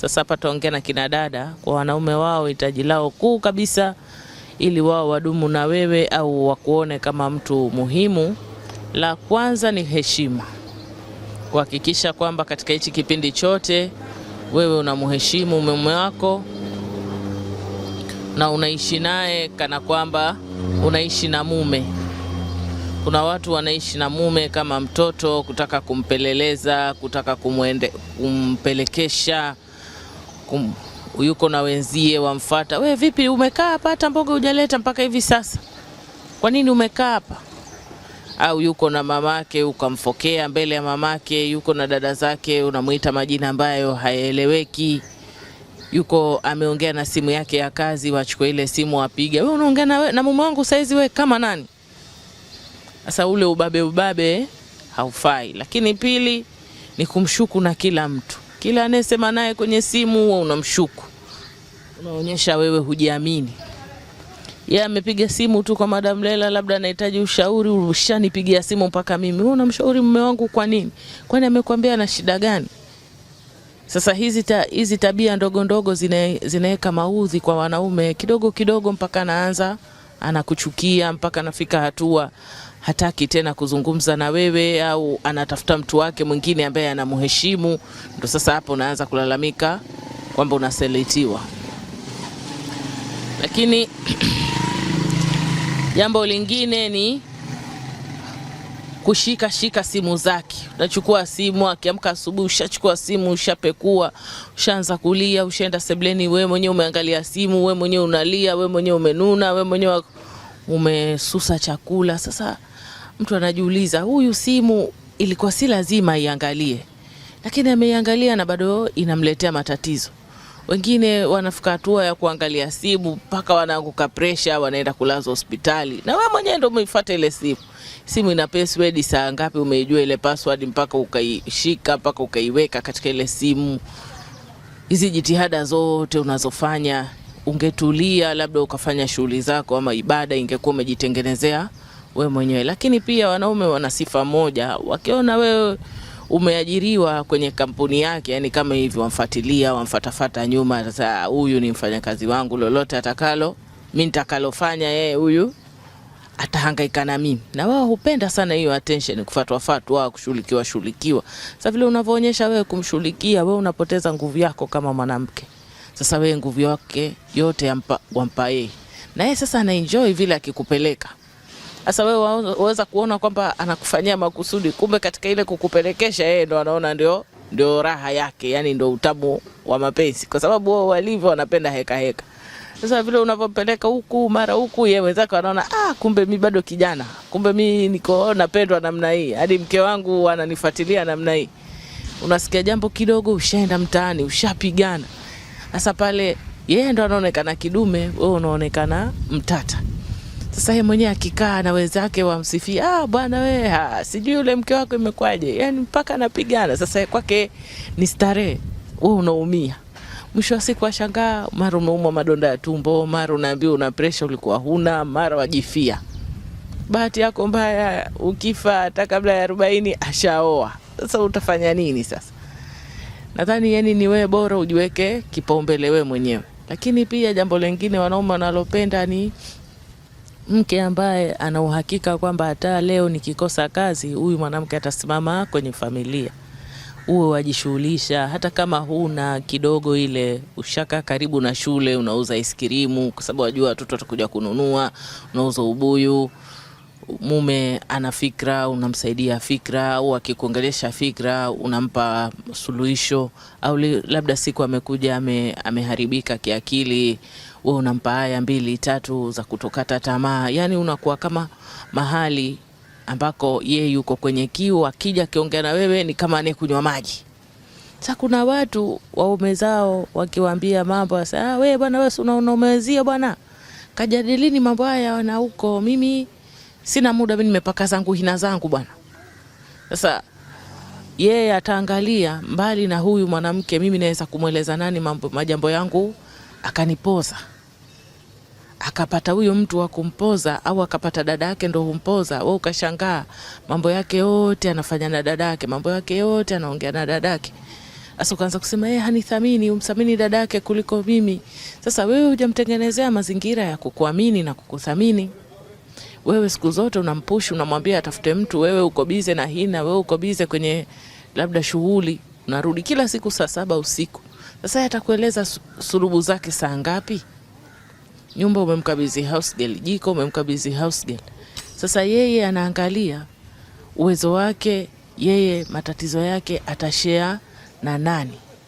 Sasa hapa tuongea na kina dada, kwa wanaume wao hitaji lao kuu kabisa, ili wao wadumu na wewe au wakuone kama mtu muhimu, la kwanza ni heshima. Kuhakikisha kwamba katika hichi kipindi chote wewe unamheshimu mume wako na unaishi naye kana kwamba unaishi na mume. Kuna watu wanaishi na mume kama mtoto, kutaka kumpeleleza, kutaka kumwende, kumpelekesha kum, yuko na wenzie wamfata, we vipi, umekaa hapa hata mboga hujaleta mpaka hivi sasa, kwa nini umekaa hapa? Au yuko na mamake ukamfokea mbele ya mamake, yuko na dada zake unamwita majina ambayo hayaeleweki, yuko ameongea na simu yake ya kazi, wachukue ile simu wapiga, we unaongea na, na mume wangu saizi, we kama nani? Sasa ule ubabe ubabe haufai, lakini pili ni kumshuku na kila mtu. Kila anayesema naye kwenye simu huwa unamshuku, unaonyesha wewe hujiamini. Yeye amepiga simu tu kwa Madam Leila, labda anahitaji ushauri, ushanipigia simu mpaka mimi. Wewe unamshauri mume wangu kwa nini? Kwani amekwambia na shida gani? Sasa hizi ta, hizi tabia ndogo ndogo zinaweka maudhi kwa wanaume kidogo kidogo mpaka naanza anakuchukia mpaka anafika hatua hataki tena kuzungumza na wewe, au anatafuta mtu wake mwingine ambaye anamheshimu. Ndio sasa hapo unaanza kulalamika kwamba unaseletiwa. Lakini jambo lingine ni kushika shika simu zake, utachukua simu, akiamka asubuhi ushachukua simu, ushapekua, ushaanza kulia, ushaenda sebleni, we mwenyewe umeangalia simu, we mwenyewe unalia, we mwenyewe umenuna, we mwenyewe umesusa chakula. Sasa mtu anajiuliza, huyu simu ilikuwa si lazima iangalie, lakini ameiangalia na bado inamletea matatizo. Wengine wanafika hatua ya kuangalia simu mpaka wanaanguka presha, wanaenda kulazwa hospitali, na wewe mwenyewe ndio umeifuata ile simu. Simu ina password, saa ngapi umeijua ile password mpaka ukaishika, mpaka ukaiweka katika ile simu? Hizi jitihada zote unazofanya, ungetulia labda ukafanya shughuli zako ama ibada, ingekuwa umejitengenezea we mwenyewe. Lakini pia wanaume wana sifa moja, wakiona wewe umeajiriwa kwenye kampuni yake, yani kama hivi wamfuatilia, wamfatafata nyuma. Sasa huyu ni mfanyakazi wangu, lolote atakalo mimi nitakalofanya yeye huyu atahangaika na mimi. Na wao hupenda sana hiyo attention, kufatwa wao, kushulikiwa shulikiwa. Sasa vile unavyoonyesha wewe kumshulikia, wewe, unapoteza nguvu yako kama mwanamke. Sasa wewe nguvu yake yote wampa yeye, na yeye sasa anaenjoy vile akikupeleka sasa wewe waweza kuona kwamba anakufanyia makusudi, kumbe katika ile kukupelekesha yeye ndo anaona ndio ndio raha yake, yani ndio utamu wa mapenzi, kwa sababu wao walivyo wanapenda heka heka. Sasa vile unavyompeleka huku mara huku, yeye wenzake wanaona ah, kumbe mi bado kijana, kumbe mi niko napendwa namna hii, hadi mke wangu ananifuatilia namna hii. Unasikia jambo kidogo, ushaenda mtaani, ushapigana. Sasa pale yeye ndo anaonekana kidume, wewe unaonekana mtata. Sasa yeye mwenyewe akikaa na wenzake wamsifia, ah, bwana wewe, sijui yule mke wako imekwaje, yani mpaka anapigana. Sasa kwake ni starehe, wewe unaumia mwisho wa siku washangaa, mara umeumwa madonda ya tumbo, mara unaambiwa una presha ulikuwa huna, mara wajifia. Bahati yako mbaya, ukifa hata kabla ya arobaini ashaoa. Sasa utafanya nini? Sasa nadhani yani ni wewe bora ujiweke kipaumbele wewe mwenyewe, lakini pia jambo lengine wanaume wanalopenda ni mke ambaye ana uhakika kwamba hata leo nikikosa kazi, huyu mwanamke atasimama kwenye familia. Uwe wajishughulisha, hata kama huna kidogo, ile ushaka karibu na shule, unauza iskirimu kwa sababu wajua watoto watakuja kununua, unauza ubuyu mume ana fikra, unamsaidia fikra, au akikuongelesha fikra unampa suluhisho, au labda siku amekuja ame, ameharibika kiakili, we unampa haya mbili tatu za kutokata tamaa. Yani unakuwa kama mahali ambako ye yuko kwenye kiu, akija akiongea na wewe ni kama kunywa maji. Sasa kuna watu waume zao wakiwaambia mambo sasa, ah, we bwana, wewe unaonamezia bwana, kajadilini mambo haya wana huko mimi sina muda mimi, nimepaka zangu hina zangu bwana. Sasa yeye yeah, ataangalia mbali na huyu mwanamke, mimi naweza kumweleza nani mambo majambo yangu akanipoza akapata huyo mtu wa kumpoza au akapata dada yake ndo humpoza. Wewe ukashangaa mambo yake yote anafanya na dada yake, mambo yake yote anaongea na dada yake. Sasa ukaanza kusema yeye eh, hanithamini, umthamini dada yake kuliko mimi. Sasa wewe hujamtengenezea mazingira ya kukuamini na kukuthamini wewe siku zote unampush, unamwambia atafute mtu, wewe uko bize na hina, wewe uko bize kwenye labda shughuli, unarudi kila siku saa saba usiku. Sasa atakueleza sulubu zake saa ngapi? Nyumba umemkabidhi house girl, jiko umemkabidhi house girl. Sasa yeye anaangalia uwezo wake, yeye matatizo yake atashare na nani?